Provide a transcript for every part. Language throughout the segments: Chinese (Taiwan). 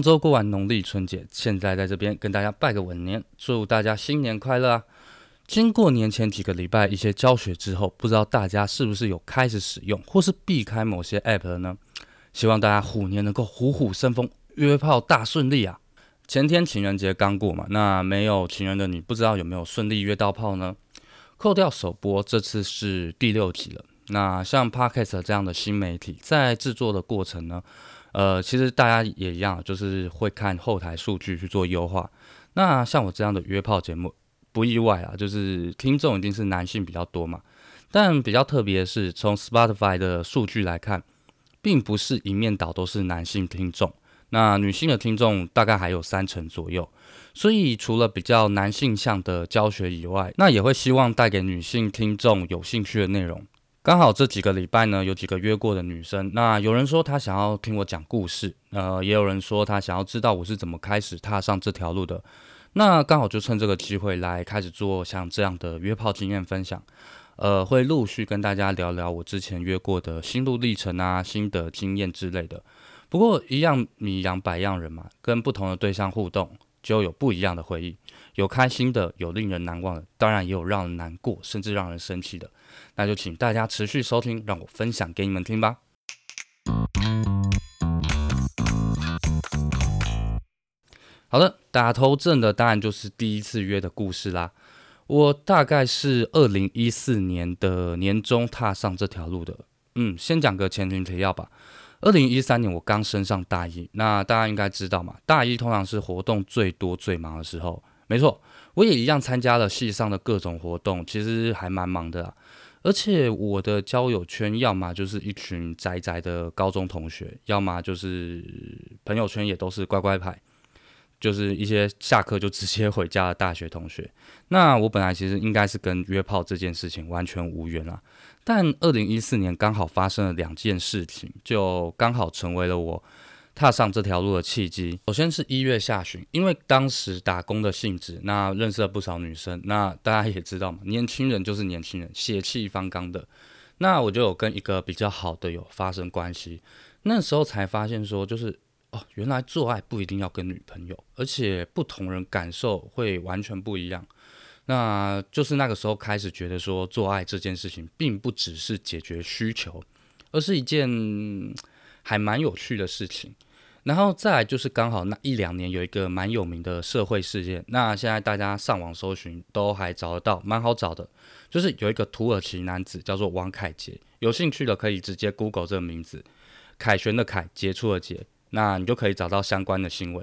上週過完農曆春節，現在在這邊跟大家拜個晚年，祝大家新年快樂啊！經過年前幾個禮拜一些教學之後，不知道大家是不是有開始使用或是避開某些 App 了呢？希望大家虎年能夠虎虎生風，約炮大順利啊！前天情人節剛過嘛，那沒有情人的你，不知道有沒有順利約到炮呢？扣掉首播，這次是第六集了。那像 Podcast 這樣的新媒體，在製作的過程呢？呃，其實大家也一樣，就是會看後台數據去做優化。那像我這樣的約炮節目，不意外啊，就是聽眾一定是男性比較多嘛。但比較特別的是，從 Spotify 的數據來看，並不是一面倒都是男性聽眾。那女性的聽眾大概還有三成左右。所以除了比較男性向的教學以外，那也會希望帶給女性聽眾有興趣的內容。剛好這幾個禮拜呢，有幾個約過的女生，那有人說她想要聽我講故事，呃，也有人說她想要知道我是怎麼開始踏上這條路的，那剛好就趁這個機會來開始做像這樣的約炮經驗分享，呃，會陸續跟大家聊聊我之前約過的心路歷程啊，心得經驗之類的。不過一樣米養百樣人嘛，跟不同的對象互動就有不一樣的回憶。有開心的，有令人難忘的，當然也有讓人難過，甚至讓人生氣的。那就請大家持續收聽，讓我分享給你們聽吧。好的，打頭陣的當然就是第一次約的故事啦。我大概是二零一四年的年中踏上這條路的。嗯，先講個前情提要吧。二零一三年我剛升上大一，那大家應該知道嘛，大一通常是活動最多、最忙的時候。沒錯，我也一樣參加了系上的各種活動，其實還蠻忙的。而且我的交友圈要麼就是一群宅宅的高中同學，要麼就是朋友圈也都是乖乖牌，就是一些下課就直接回家的大學同學。那我本來其實應該是跟約炮這件事情完全無緣了，但二零一四年剛好發生了兩件事情，就剛好成為了我。踏上這條路的契機，首先是一月下旬，因為當時打工的性質，那認識了不少女生。那大家也知道嘛，年輕人就是年輕人，血氣方剛的。那我就有跟一個比較好的有發生關係，那時候才發現說，就是哦，原來做愛不一定要跟女朋友，而且不同人感受會完全不一樣。那就是那個時候開始覺得說，做愛這件事情並不只是解決需求，而是一件還蠻有趣的事情。然後再來就是剛好那一兩年有一個蠻有名的社會事件，那現在大家上網搜尋都還找得到，蠻好找的，就是有一個土耳其男子叫做王凱傑，有興趣的可以直接 Google 這個名字，凱旋的凱，傑出的傑，那你就可以找到相關的新聞。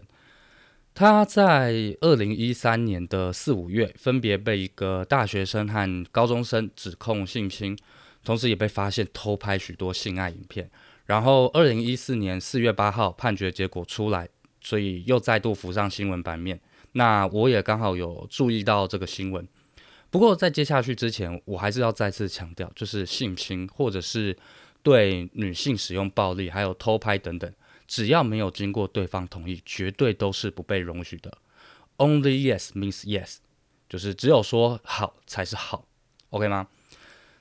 他在二零一三年的四五月，分別被一個大學生和高中生指控性侵，同時也被發現偷拍許多性愛影片。然後，二零一四年四月八號判決結果出來，所以又再度浮上新聞版面。那我也剛好有注意到這個新聞。不過，在接下去之前，我還是要再次強調，就是性侵或者是對女性使用暴力，還有偷拍等等，只要沒有經過對方同意，絕對都是不被容許的。Only yes means yes，就是只有說好才是好，OK 嗎？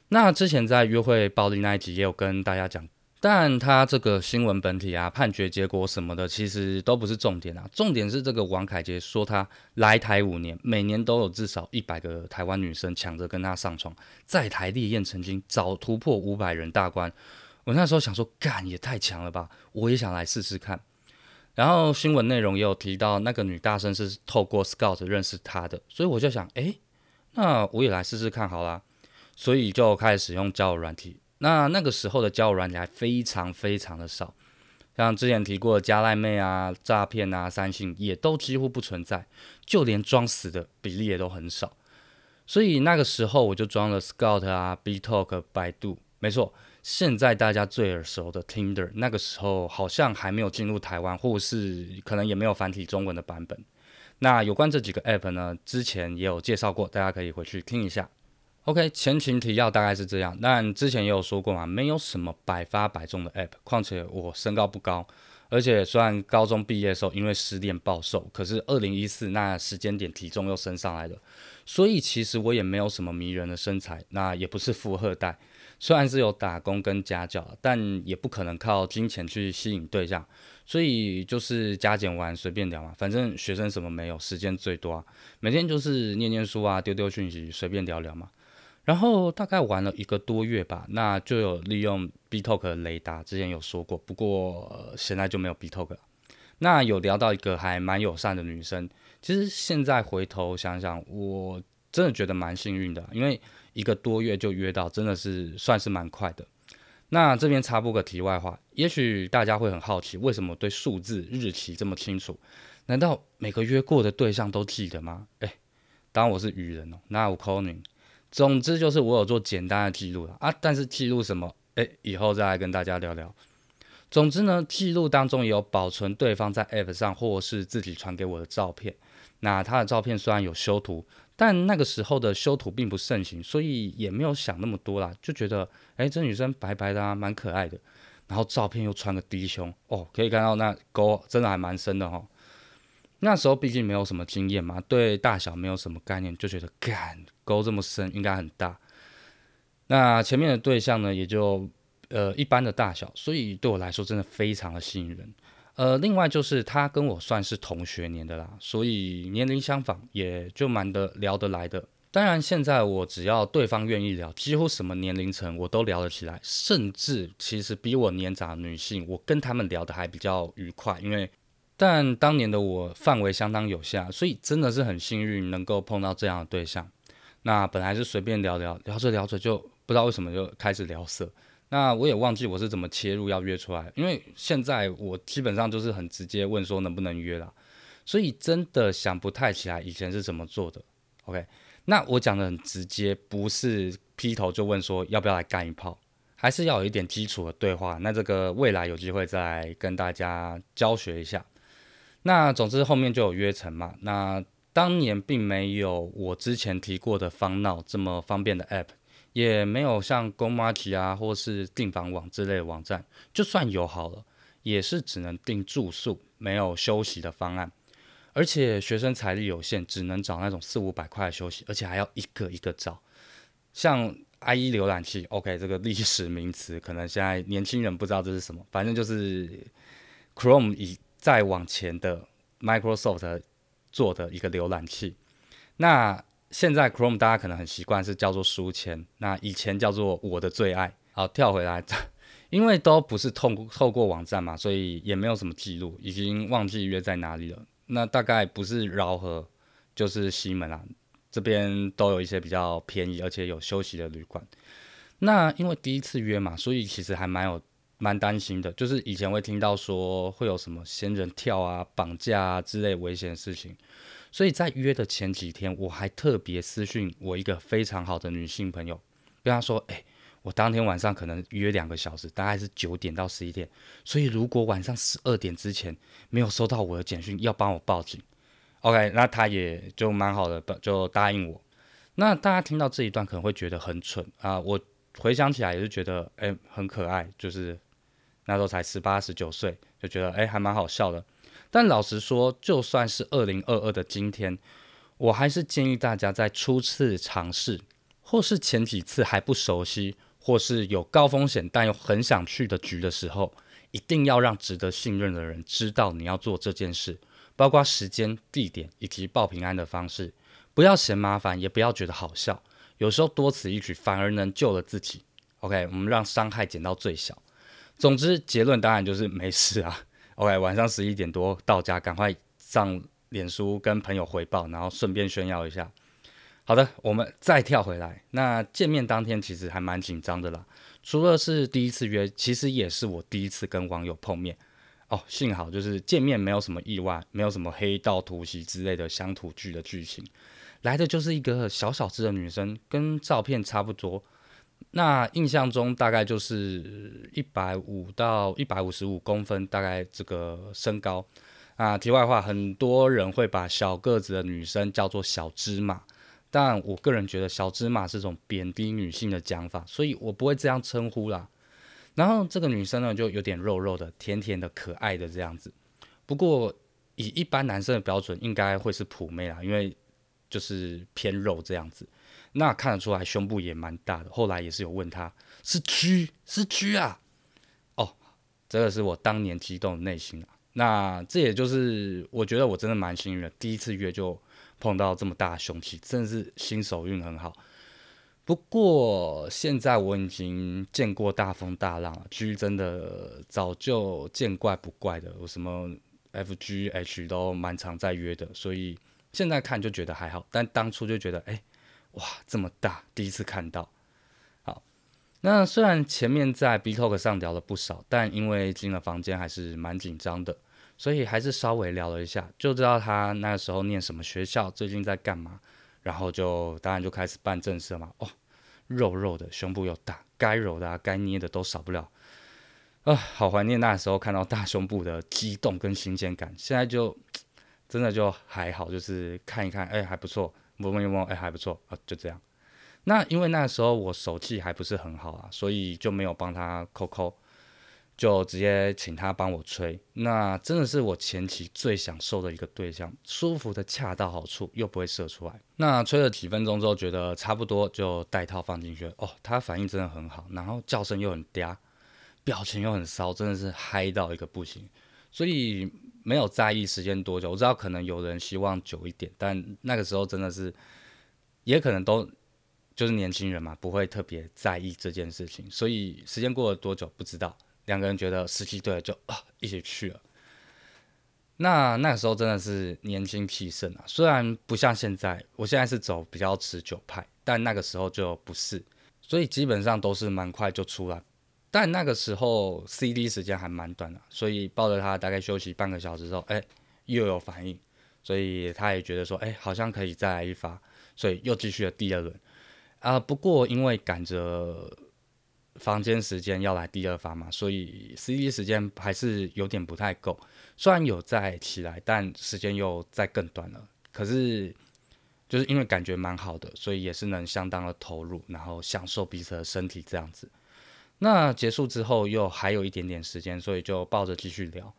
那之前在約會暴力那一集也有跟大家講過。但他這個新聞本體啊，判決結果什麼的，其實都不是重點啊。重點是這個王凱傑說他來台五年，每年都有至少一百個台灣女生搶着跟他上床，在台歷驗曾經早突破五百人大關。我那時候想說，幹也太強了吧！我也想來試試看。然後新聞內容也有提到那個女大生是透過 Scout 認識他的，所以我就想，哎、欸，那我也來試試看好了。所以就開始使用交友軟體。那那個時候的交友軟件還非常非常的少，像之前提過的加賴妹啊、詐騙啊、三星也都幾乎不存在，就連裝死的比例也都很少。所以那個時候我就裝了 Skout 啊、Beetalk、Badoo，沒錯，現在大家最耳熟的 Tinder，那個時候好像還沒有進入台灣，或是可能也沒有繁體中文的版本。那有關這幾個 App 呢，之前也有介紹過，大家可以回去聽一下。OK，前情提要大概是這樣。但之前也有說過嘛，沒有什麼百發百中的 App。況且我身高不高，而且雖然高中畢業的時候因為失戀暴瘦，可是二零一四那時間點體重又升上來了，所以其實我也沒有什麼迷人的身材，那也不是富二代。雖然是有打工跟家教，但也不可能靠金錢去吸引對象，所以就是加減完隨便聊嘛。反正學生什麼沒有，時間最多啊，每天就是念念書啊，丟丟訊息，隨便聊聊嘛。然後大概玩了一個多月吧，那就有利用 Beetalk 的雷達，之前有說過，不過、呃、現在就沒有 Beetalk 了。那有聊到一個還蠻友善的女生，其實現在回頭想想，我真的覺得蠻幸運的，因為一個多月就約到，真的是算是蠻快的。那這邊插播個題外話，也許大家會很好奇，為什麼對數字日期這麼清楚？難道每個約過的對象都記得嗎？哎，當然我是雨人哦，那我 call 你。總之就是我有做簡單的記錄了啊，但是記錄什麼？哎、欸，以後再來跟大家聊聊。總之呢，記錄當中有保存對方在 App 上或是自己傳給我的照片。那她的照片雖然有修圖，但那個時候的修圖並不盛行，所以也沒有想那麼多啦，就覺得哎、欸，這女生白白的，啊，蠻可愛的。然後照片又穿個低胸哦，可以看到那溝真的還蠻深的哈。那時候畢竟沒有什麼經驗嘛，對大小沒有什麼概念，就覺得干溝這麼深應該很大。那前面的對象呢，也就呃一般的大小，所以對我來說真的非常的吸引人。呃，另外就是他跟我算是同學年的啦，所以年齡相仿，也就蠻的聊得來的。當然現在我只要對方願意聊，幾乎什麼年齡層我都聊得起來，甚至其實比我年長的女性，我跟他們聊得還比較愉快，因為。但當年的我範圍相當有限，所以真的是很幸運能夠碰到這樣的對象。那本來是隨便聊聊，聊着聊着就不知道為什麼就開始聊色。那我也忘記我是怎麼切入要約出來，因為現在我基本上就是很直接問說能不能約了，所以真的想不太起來以前是怎麼做的。OK，那我講得很直接，不是劈頭就問說要不要來幹一炮，還是要有一點基礎的對話。那這個未來有機會再來跟大家教學一下。那總之後面就有約成嘛。那當年並沒有我之前提過的 FunNow 這麼方便的 App，也沒有像 GOMAJI 啊或是訂房網之類的網站，就算有好了，也是只能訂住宿，沒有休息的方案。而且學生財力有限，只能找那種四五百塊的休息，而且還要一個一個找。像 IE 瀏覽器，OK，這個歷史名詞，可能現在年輕人不知道這是什麼，反正就是 Chrome 以。再往前的 Microsoft 做的一個瀏覽器，那現在 Chrome 大家可能很習慣是叫做書籤，那以前叫做我的最愛。好，跳回來， 因為都不是透過透過網站嘛，所以也沒有什麼記錄，已經忘記約在哪裡了。那大概不是饒河，就是西門啦、啊，這邊都有一些比較便宜而且有休息的旅館。那因為第一次約嘛，所以其實還蠻有。蠻擔心的，就是以前會聽到說會有什麼仙人跳啊、綁架啊之類危險的事情，所以在約的前幾天，我還特別私訊我一個非常好的女性朋友，跟她說：“哎、欸，我當天晚上可能約兩個小時，大概是九點到十一點，所以如果晚上十二點之前沒有收到我的簡訊，要幫我報警。” OK，那她也就蠻好的，就答應我。那大家聽到這一段可能會覺得很蠢啊、呃，我。回想起來也是覺得，哎、欸，很可愛。就是那時候才十八、十九歲，就覺得，哎、欸，還蠻好笑的。但老實說，就算是二零二二的今天，我還是建議大家在初次嘗試，或是前幾次還不熟悉，或是有高風險但又很想去的局的時候，一定要讓值得信任的人知道你要做這件事，包括時間、地點以及報平安的方式。不要嫌麻煩，也不要覺得好笑。有時候多此一舉反而能救了自己。OK，我們讓傷害減到最小。總之結論當然就是沒事啊。OK，晚上十一點多到家，趕快上臉書跟朋友回報，然後順便炫耀一下。好的，我們再跳回來。那見面當天其實還蠻緊張的啦，除了是第一次約，其實也是我第一次跟網友碰面。哦，幸好就是見面沒有什麼意外，沒有什麼黑道突襲之類的鄉土劇的劇情。來的就是一個小小隻的女生，跟照片差不多。那印象中大概就是一百五到一百五十五公分，大概這個身高。啊，題外話，很多人會把小個子的女生叫做小芝麻，但我個人覺得小芝麻是種貶低女性的講法，所以我不會這樣稱呼啦。然後這個女生呢，就有點肉肉的、甜甜的、可愛的這樣子。不過以一般男生的標準，應該會是普妹啦，因為。就是偏肉這樣子，那看得出來胸部也蠻大的。後來也是有問他是 G 是 G 啊，哦，這個是我當年激動的內心啊，那這也就是我覺得我真的蠻幸運的，第一次約就碰到這麼大的胸器，真的是新手運很好。不過現在我已經見過大風大浪了，G 真的早就見怪不怪的，我什麼 FGH 都蠻常在約的，所以。現在看就覺得還好，但當初就覺得，哎、欸，哇，這麼大，第一次看到。好，那雖然前面在 Beetalk 上聊了不少，但因為進了房間還是蠻緊張的，所以還是稍微聊了一下，就知道他那時候念什麼學校，最近在幹嘛，然後就當然就開始辦正事嘛。哦，肉肉的胸部又大，該揉的、啊、該捏的都少不了。啊、呃，好懷念那時候看到大胸部的激動跟新鮮感，現在就。真的就還好，就是看一看，哎、欸，還不錯，摸摸摸，哎、欸，還不錯啊、呃，就這樣。那因為那時候我手氣還不是很好啊，所以就沒有幫他扣扣，就直接請他幫我吹。那真的是我前期最享受的一個對象，舒服的恰到好處，又不會射出來。那吹了幾分鐘之後，覺得差不多，就帶套放進去了。哦，他反應真的很好，然後叫聲又很嗲，表情又很騷，真的是嗨到一個不行。所以。沒有在意時間多久，我知道可能有人希望久一點，但那個時候真的是，也可能都就是年輕人嘛，不會特別在意這件事情，所以時間過了多久不知道。兩個人覺得時機對了就，就一起去了。那那個時候真的是年輕氣盛啊，雖然不像現在，我現在是走比較持久派，但那個時候就不是，所以基本上都是蠻快就出來。但那個時候 C D 時間還蠻短的，所以抱着他大概休息半個小時之後，哎、欸，又有反應，所以他也覺得說，哎、欸，好像可以再來一發，所以又繼續了第二輪。啊、呃，不過因為趕着房間時間要來第二發嘛，所以 C D 時間還是有點不太夠。雖然有再起來，但時間又再更短了。可是就是因為感覺蠻好的，所以也是能相當的投入，然後享受彼此的身體這樣子。那結束之後又還有一點點時間，所以就抱着繼續聊。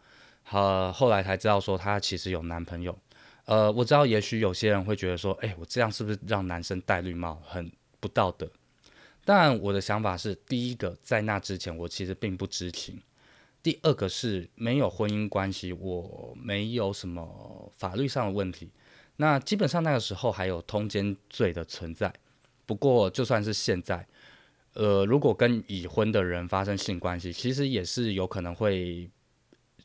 呃，後來才知道說，她其實有男朋友。呃，我知道也許有些人會覺得說，誒、欸，我這樣是不是讓男生戴綠帽？很不道德。但我的想法是，第一個，在那之前我其實並不知情；第二個是沒有婚姻關係，我沒有什麼法律上的問題。那基本上那個時候還有通姦罪的存在，不過就算是現在。呃，如果跟已婚的人發生性關係，其實也是有可能會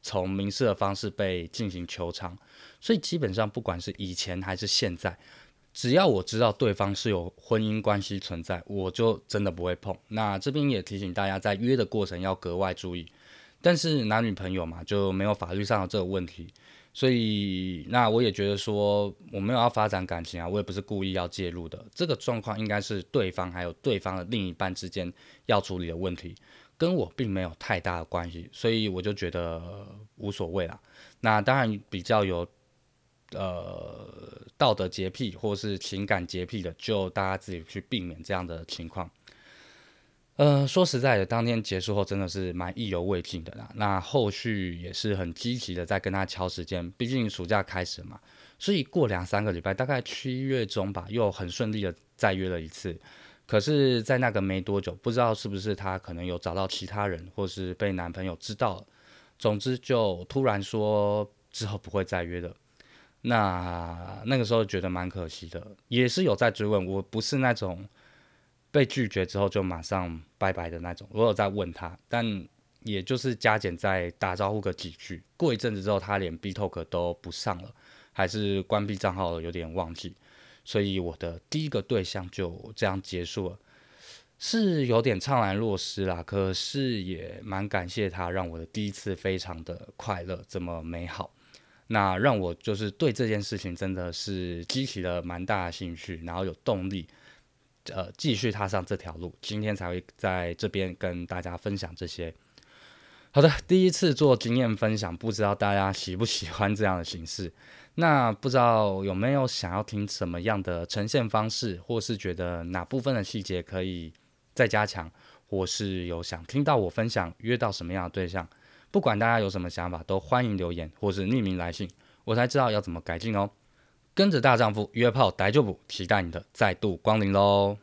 從民事的方式被進行求償，所以基本上不管是以前還是現在，只要我知道對方是有婚姻關係存在，我就真的不會碰。那這邊也提醒大家，在約的過程要格外注意，但是男女朋友嘛，就沒有法律上的這個問題。所以，那我也覺得說我沒有要發展感情啊，我也不是故意要介入的。這個狀況應該是對方還有對方的另一半之間要處理的問題，跟我並沒有太大的關係。所以我就覺得無所謂啦。那當然比較有，呃，道德潔癖或是情感潔癖的，就大家自己去避免這樣的情況。呃，說實在的，當天結束後真的是蠻意猶未盡的啦。那後續也是很積極的在跟他敲時間，畢竟暑假開始嘛，所以過兩三個禮拜，大概七月中吧，又很順利的再約了一次。可是，在那個沒多久，不知道是不是她可能有找到其他人，或是被男朋友知道了，總之就突然說之後不會再約了。那那個時候覺得蠻可惜的，也是有在追問我，不是那種。被拒絕之後就馬上拜拜的那種。我有在問他，但也就是加減在打招呼個幾句。過一陣子之後，他連 BeeTalk 都不上了，還是關閉賬號了，有點忘記。所以我的第一個對象就這樣結束了，是有點悵然若失啦。可是也蠻感謝他，讓我的第一次非常的快樂，這麼美好。那讓我就是對這件事情真的是激起了蠻大的興趣，然後有動力。呃，繼續踏上這條路，今天才會在這邊跟大家分享這些。好的，第一次做經驗分享，不知道大家喜不喜歡這樣的形式。那不知道有沒有想要聽什麼樣的呈現方式，或是覺得哪部分的細節可以再加強，或是有想聽到我分享約到什麼樣的對象？不管大家有什麼想法，都歡迎留言或是匿名來信，我才知道要怎麼改進哦。跟着大丈夫約炮大丈夫，期待你的再度光臨嘍！